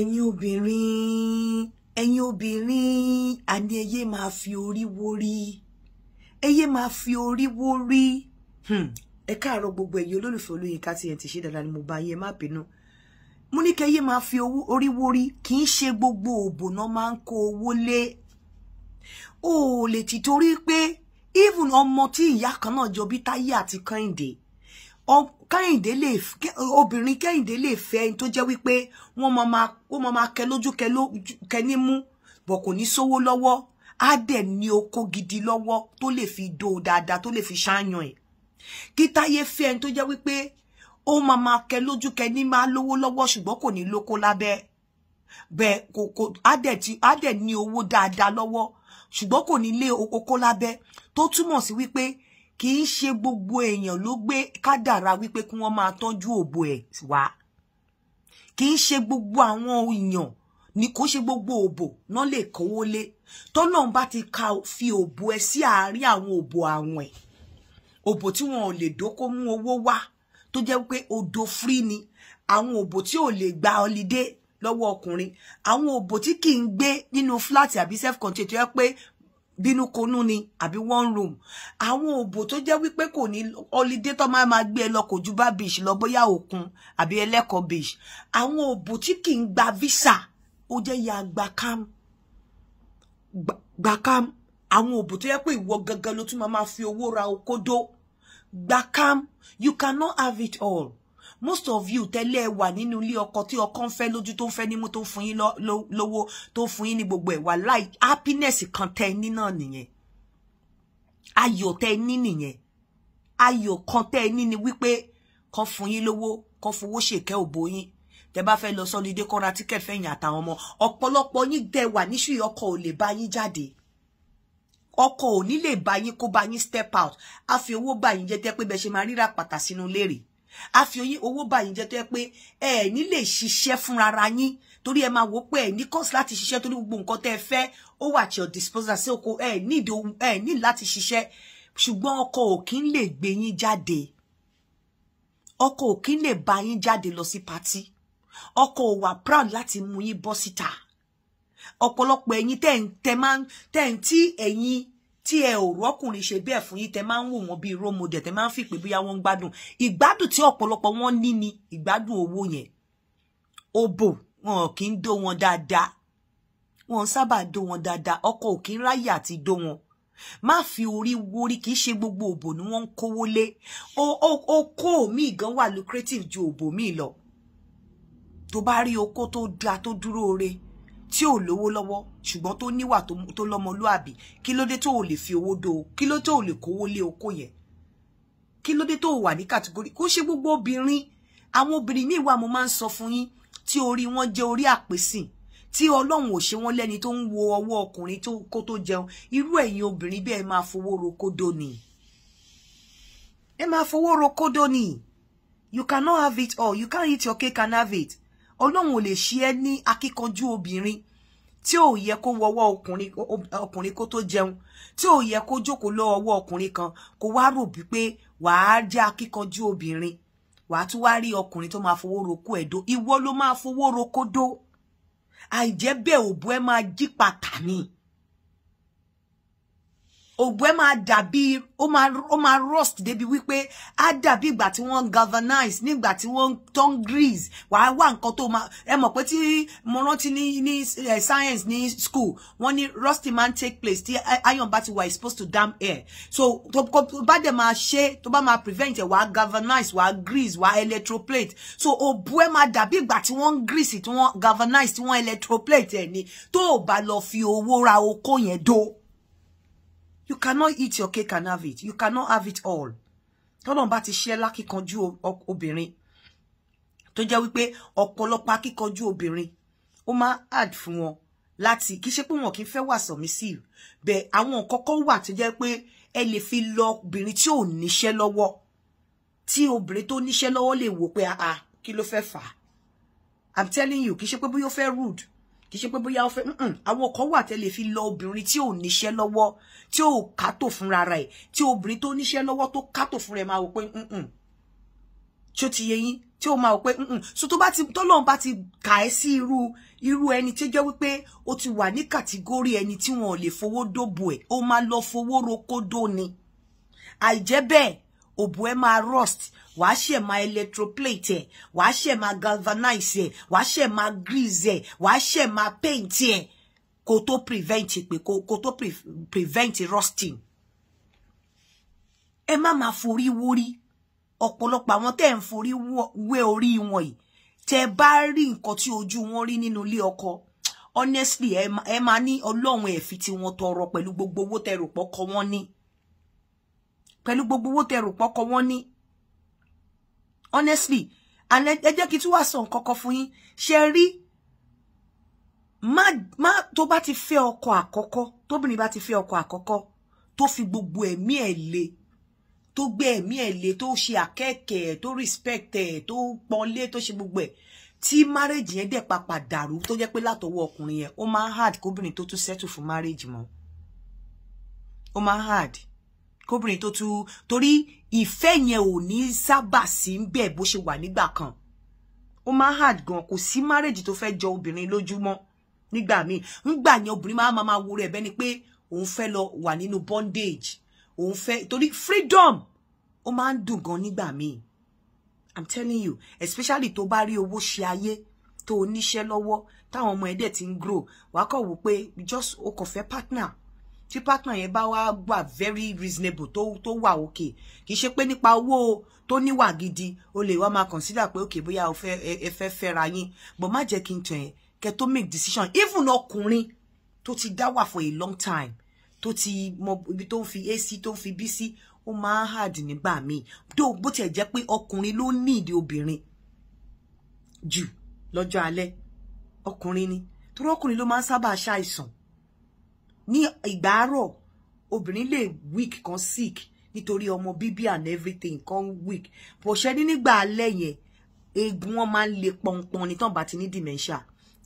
ẹ̀yin obìnrin ẹ̀yin obìnrin àní ẹyẹ máa fi orí wórí ẹyẹ máa fi orí wórí hmm. ẹ káàárọ̀ gbogbo ẹ̀yin olólùfẹ́ olóyinka tí ẹ ti ṣe dáadáa ni mo bá yẹ má bínú mo ní kẹyẹ máa fi orí wórí kì í ṣe gbogbo òbò náà máa ń kó owó lé o ò lè ti pé even ọmọ tí ìyá kan náà jọ bí táyé àti kẹ́hìndé kẹ́hìndé lè obìnrin kẹ́hìndé lè fẹ́ ẹni tó jẹ́ wípé wọ́n máa máa kẹ lójú kẹ ní mú bọ̀ kò ní sówó lọ́wọ́ á dẹ̀ ní oko gidi lọ́wọ́ tó lè fi do dáadáa tó lè fi ṣáàyàn ẹ̀ kí táyé fẹ́ ẹni tó jẹ́ wípé ó máa máa kẹ lójú kẹ ní máa lówó lọ́wọ́ ṣùgbọ́n kò ní lóko lábẹ́ bẹ́ẹ̀ kò kò á dẹ̀ ní owó dáadáa lọ́wọ́ ṣùgbọ́n kò ní lé oko lábẹ́ tó túmọ̀ sí wípé kì í ṣe gbogbo èèyàn ló gbé kádàrá wípé kí wọ́n máa tọ́jú òbò ẹ̀ wá kì í ṣe gbogbo àwọn èèyàn ni kò ṣe gbogbo òbò náà lè kówó lé tọ́lọ́run bá ti ka fi òbò ẹ sí àárín àwọn òbò àwọn ẹ̀ òbò tí wọn ò lè dóko mú owó wá tó jẹ́ pé odò frí ni àwọn òbò tí ò lè gba ọlidé lọ́wọ́ ọkùnrin àwọn òbò tí kì í gbé nínú fúláàtì àbí self contained tó yẹ pé bínú konú ni àbí one room àwọn òbò tó jẹ́ wípé kò ní ọlídé tó máa máa gbé ẹ lọ kò ju bá beach lọ bóyá òkun àbí ẹlẹ́kọ̀ọ́ beach àwọn òbò tí kì í gba visa ó jẹ́ ya gba cam gba cam àwọn òbò tó yẹ pé ìwọ gangan ló tún máa máa fi owó ra okódó gba cam you cannot have it all most of you tẹ́lẹ̀ ẹ wà nínú ilé ọkọ tí ọkọ ń fẹ́ lójú tó ń fẹ́ nímú tó ń fún yín lówó tó ń fún yín ní gbogbo ẹ̀wà láì happiness kan tẹ́ ẹ ní náà nìyẹn ayọ̀ tẹ́ ẹ ní nìyẹn ayọ̀ kan tẹ́ ẹ ní ni wípé kan fún yín lówó kan fowó ṣèkẹ́ òbó yín tẹ́ bá fẹ́ lọ sọlidé kọ́ra tíkẹ́ẹ̀tì fẹ̀yìn àtàwọn ọmọ ọ̀pọ̀lọpọ̀ yín dẹ̀ wà níṣù ọkọ ò lè bá yín jáde ọkọ ò ní lè bá yín kó bá yín step out a fi owó bá yín jẹ́ tẹ́ pé bẹ́ẹ̀ ṣe máa ríra pàtà sínú léèrè a fi oyin owó báyìí jẹ tó yẹ pé ẹ ní lè ṣiṣẹ́ fúnra yín torí ẹ máa wò pé ẹ ní cost láti ṣiṣẹ́ torí gbogbo nǹkan tẹ́ ẹ fẹ́ ó wà tí ọ disposal sí oko ẹ ní ìdó ẹ ní láti ṣiṣẹ́ ṣùgbọ́n ọkọ ò kí ń lè gbé yín jáde ọkọ ò kí ń lè bá yín jáde lọ sí patí ọkọ ò wà proud láti mú yín bọ́ síta ọ̀pọ̀lọpọ̀ ẹ̀yin tẹ́ ń tẹ́ máa ń tẹ́ tí ẹ̀yin tí ẹ ò rọ́kùnrin ṣe bẹ́ẹ̀ fún yín tẹ máa ń wò wọ́n bíi role model tẹ máa ń fìpè bóyá wọ́n ń gbádùn ìgbádùn tí ọ̀pọ̀lọpọ̀ wọn ní ni ìgbádùn owó yẹn òbò wọn ò kí ń dó wọn dáadáa wọn sábà dó wọn dáadáa ọkọ ò kí ń ráyè àti dó wọn má fi orí wórí kì í ṣe gbogbo òbò ni wọ́n ń kówó lé okó mi gan wà lucrative ju òbò mi lọ tó bá rí okó tó dáa tó dúró re tí ò lówó lọ́wọ́ ṣùgbọ́n tó níwà tó lọ́mọlúàbí kí ló dé tó ò lè fi owó do kí ló tó ò lè kówó lé oko yẹ kí ló dé tó ò wà ní kàtígórì kó ṣe gbogbo obìnrin àwọn obìnrin míì wà mo máa ń sọ fún yín tí orí wọn jẹ́ orí àpèsìn tí Ọlọ́run ò ṣe wọ́n lẹ́ni tó ń wo ọwọ́ ọkùnrin kó tó jẹun irú ẹ̀yin obìnrin bẹ́ẹ̀ máa fowó rokodo ni ẹ máa fowó rokodo ni you cannot have it all you can't eat your cake and have it ọlọ́run ò lè ṣe ẹ́ ní akíkanjú obìnrin tí ò yẹ kó wọwọ́ ọkùnrin kó tó jẹun tí ò yẹ kó jókòó lọ ọwọ́ ọkùnrin kan kó wá rò bí pé wàá jẹ́ akíkanjú obìnrin wàá tún wá rí ọkùnrin tó máa fowó roko ẹ̀dó ìwọ ló máa fowó roko dó àìjẹ́ bẹ́ẹ̀ òbú ẹ máa jí pàtà ògbó ẹ máa o ma o ma rust débi wípé á dàbí ìgbà tí wọ́n galvanize nígbà tí wọ́n turn grease wàá wà nǹkan tó máa ẹ mọ̀ pé tí mo rántí ní ní eh, science ni school wọ́n ní rusting man take place tí iron bá ti wà exposed to damp air so to bá dẹ̀ máa ṣe tó bá máa prevent ẹ̀ wàá galvanize wàá grease wàá electroplate so ògbó ẹ máa dàbí ìgbà tí wọ́n grease tí wọ́n galvanize tí wọ́n electroplate ẹ̀ ni tó o bá lọ fi owó ra oko yẹn dó you cannot eat your cake and have it you cannot have it all tọ́lọ́n bá ti ṣe lákíkanjú obìnrin tó jẹ́ wípé ọ̀pọ̀lọpọ̀ akíkanjú obìnrin ó máa add fún wọn láti kì í ṣe pé wọn kì í fẹ́ wà submissive bẹ́ẹ̀ àwọn nǹkan kan wà tó jẹ́ pé ẹ lè fi lọ obìnrin tí ò níṣẹ́ lọ́wọ́ tí obìnrin tó níṣẹ́ lọ́wọ́ lè wò pé àà ah, ah, kí ló fẹ́ fà á i'm telling you kì í ṣe pé bóyá ó rude kì í ṣe pé bóyá ó fẹ́ àwọn ọkọ wà tẹ́lẹ̀ fi lọ obìnrin tí ò níṣẹ́ lọ́wọ́ tí ò kátó fúnra rà ẹ̀ tí obìnrin tó níṣẹ́ lọ́wọ́ tó kátó fúnra ẹ̀ máa wò pé tí ó ti yẹ yín tí ó máa wò pé so tó bá ti tọ́lọ́run bá ti kà ẹ́ sí irú irú ẹni tó jẹ́ wípé ó ti wà ní kàtígórì ẹni tí wọn ò lè fowó dóbo ẹ̀ ó máa lọ fowó rokodo ni àìjẹ́ bẹ́ẹ̀ òbò ẹ máa rust wàá ṣe máa electroplate ẹ̀ wàá ṣe máa galvanize ẹ̀ wàá ṣe máa grease ẹ̀ wàá ṣe máa paint ẹ̀ kó tó prevent pé kó tó pre prevent rusting ẹ má máa forí wórí ọ̀pọ̀lọpọ̀ àwọn tẹ́ ń forí wé orí wọn yìí tẹ́ bá rí nǹkan tí ojú wọn rí nínú ilé ọkọ honestly ẹ máa ní ọlọ́run ẹ̀fì tí wọ́n tọrọ pẹ̀lú gbogbo owó tẹ́ rò pọ́kọ wọn ní pẹ̀lú gbogbo owó tẹ́ rò pọ́kọ wọn ní honestly and ẹ jẹ́ kí tí wàá sọ nǹkan kan fún yín ṣe rí to má tó bá ti fẹ́ To àkọ́kọ́ tóbìnrin bá ti fẹ́ ọkọ àkọ́kọ́ to fi gbogbo ẹ̀mí ẹ̀ le tó gbé ẹ̀mí ẹ̀ le to ṣe àkẹ́kẹ̀ ẹ̀ tó respect to tó pọ́nlé tó ṣe gbogbo ẹ̀ tí marriage yẹn dẹ̀ papà dàrú to jẹ́ pé látọwọ́ ọkùnrin yẹn ó máa hard kóbìnrin tó tún settle fún marriage mọ́ ó máa hard kóbìnrin tó tún torí ìfẹ́ yẹn ò ní sábà sí ń bẹ̀ bó ṣe wà nígbà kan ó máa hard gan kò sí márèjì tó fẹ́ jọ obìnrin lójúmọ́ nígbà míì ńgbà yẹn obìnrin máa máa wo rẹ̀ bẹ́ni pé òun fẹ́ lọ wà nínú bondage òun fẹ́ torí freedom ó máa ń dùn gan nígbà míì i'm telling you especially tó bá rí owó ṣe ayé tó oníṣẹ́ lọ́wọ́ táwọn ọmọ ẹ̀dẹ̀ ti ń grow wàá kọ̀ wò pé just o kò fẹ́ partner tí partner yẹn bá wá wà very reasonable tó tó wà òkè kì í ṣe pé nípa owó tó níwà gidi o lè wá máa consider pé òkè bóyá o fẹ́ ẹ fẹ́ fẹ́ra yín but má jẹ́ kí n tàn yẹn kẹ tó make decision even ọkùnrin tó ti dá wà for a long time tó ti mọ ibi tó ń fi ac tó ń fi b sí ó máa ń hard nígbà míì bó tiẹ̀ jẹ́ pé ọkùnrin ló ní ìdí obìnrin jù lọ́jọ́ alẹ́ ọkùnrin ni torí ọkùnrin ló máa ń sábà ṣàìsàn Ni ìgbàárọ̀ obìnrin le weak kan sick nitori omo bibi and everything kan weak po ní ni alẹ́ yẹn eegun wọn máa ń le pọnpọn ni tán bá ti ní dementia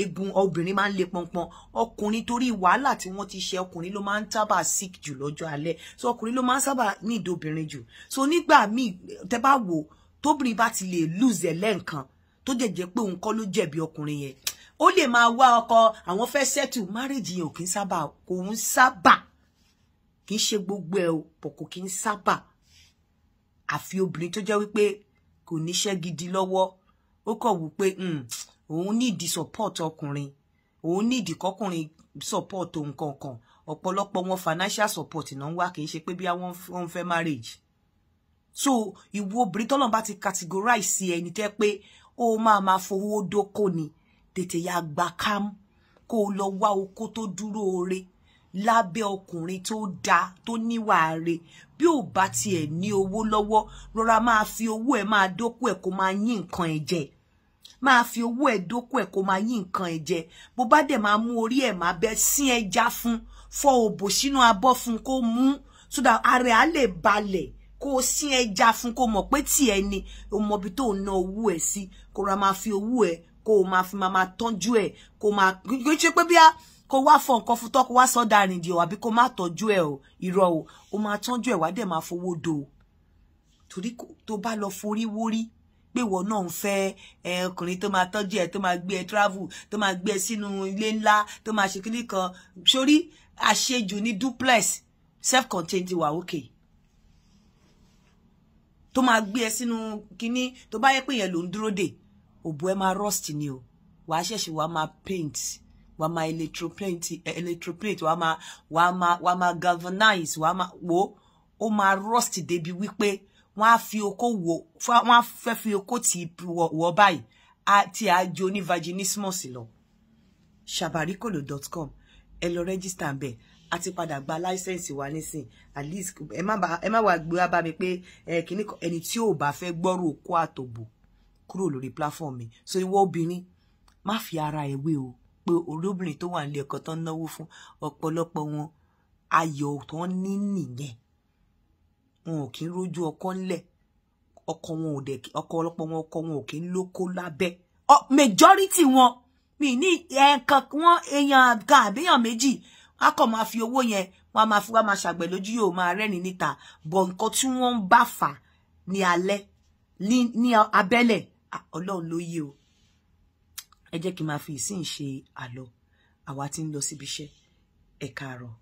eegun obìnrin máa ń le pọnpọn ọkùnrin torí wàhálà tí wọ́n ti ṣe ọkùnrin ló máa ń sábà sick jù lọ́jọ́ alẹ́ so ọkùnrin lo máa ń ni do ìdóbìnrin ju so nígbà míì tẹ bá wo tóbìnrin bá ti le lose ẹ lẹ́ǹkan tó jẹ̀jẹ̀ pé òun kọ́ ló jẹ̀bi ọkùnrin yẹn ó lè máa wá ọkọ àwọn fẹ́ sẹ́tù márèjì yẹn ò kí ń sábà kò ń sábà kì í ṣe gbogbo ẹ̀ pọ̀ kò kí ń sábà àfi obìnrin tó jẹ́ wípé kò níṣẹ́ gidi lọ́wọ́ ó kọ̀ wù pé hmm, òun nídìí support ọkùnrin òun nídìí kọkùnrin support òun ọ̀pọ̀lọpọ̀ wọn financial support náà ń wá kì í ṣe pé bí wọ́n fẹ́ marriage so ìwọ obìnrin tọ́lọ́n bá ti categorize sí ẹni tẹ́ pé ó máa máa fowó dóko ni tètè ya gba kámú kó o lọ wá oko tó dúró ore lábẹ́ ọkùnrin tó dáa tó níwà re bí ò bá tiẹ̀ ní owó lọ́wọ́ rọra máa fi owó ẹ̀ máa dókò ẹ̀ kó máa yín nǹkan ẹ̀ jẹ máa fi owó ẹ̀ dókò ẹ̀ kó máa yín nǹkan ẹ̀ jẹ bó bá dẹ̀ máa mú orí ẹ̀ máa bẹ́ sín ẹja fún fọ òbò sínú abọ́ fún kó mú sódà ara ẹ̀ á lè balẹ̀ kó o sín ẹja fún kó mọ̀ pé tiẹ̀ ni o mọ̀ ibi tó ń ná owó ẹ̀ sí kó ra máa fi owó ẹ̀ Ko ma fi máa máa tọ́jú ẹ̀ kó o máa kó ṣe pé bíá kó wá fọ nǹkan fún tọ́ kó wá sọ́dà rìndì ọ̀ àbí kó má tọ́jú ẹ̀ o irọ́ o o máa tọ́jú ẹ̀ wá dẹ̀ máa fowó do o torí tó bá lọ forí wórí pé ìwọ náà ń fẹ́ ẹ ọkùnrin tó máa tọ́jú ẹ travel to ma gbé sinu sínú ilé ńlá tó máa ṣe kíní kan sórí àṣejù ní duplex self contained wa okay. To ma gbé sinu kini kíní tó bá yẹ pé yẹn ló ń òbò ẹ máa rust ni o wàá ṣẹ̀ṣẹ̀ wàá máa paint wàá máa electroplate electroplate wàá máa wàá máa máa galvanize wàá máa wò ó máa rust débi wípé wọ́n á fi okó wò wọ́n á fẹ́ fi okó tì í wọ̀ báyìí àti àjò ní vaginismus lọ shabarikolo dot com ẹ lọ rẹ́gísítà ń bẹ̀ a ti padà gba láísẹ̀nsì wa nísìn at least ẹ má wàá gbé wá bá mi pé ẹ kìíní ẹni tí ò bá fẹ́ gbọ́rù okó àtòbò kúrò lórí platform mi so ìwọ obìnrin má fi ara ẹ wé o pé olóbìnrin tó wà nílé ọkọ tán náwó fún ọ̀pọ̀lọpọ̀ wọn ayọ̀ tán ní nìyẹn wọn ò kí ń rójú ọkọ ńlẹ̀ ọkọ wọn ò dẹ ọkọ ọlọpọ wọn ọkọ wọn ò kí ń lóko lábẹ́ majority wọn mi ní ẹ̀ẹ̀kan wọn èèyàn kan àbíyàn méjì a kò máa fi owó yẹn wọn a máa fi wá máa ṣàgbẹ̀ lójú yóò máa rẹ́rìn níta bọ̀ nǹkan tí wọ́n ń bá fà ní alẹ́ ní abẹ́lẹ̀ Ah, ọlọ́run ló yé o ẹ jẹ́ kí n máa fi ìsìn ṣe àlọ́ àwa tí ń lọ síbi iṣẹ́ ẹ káàárọ̀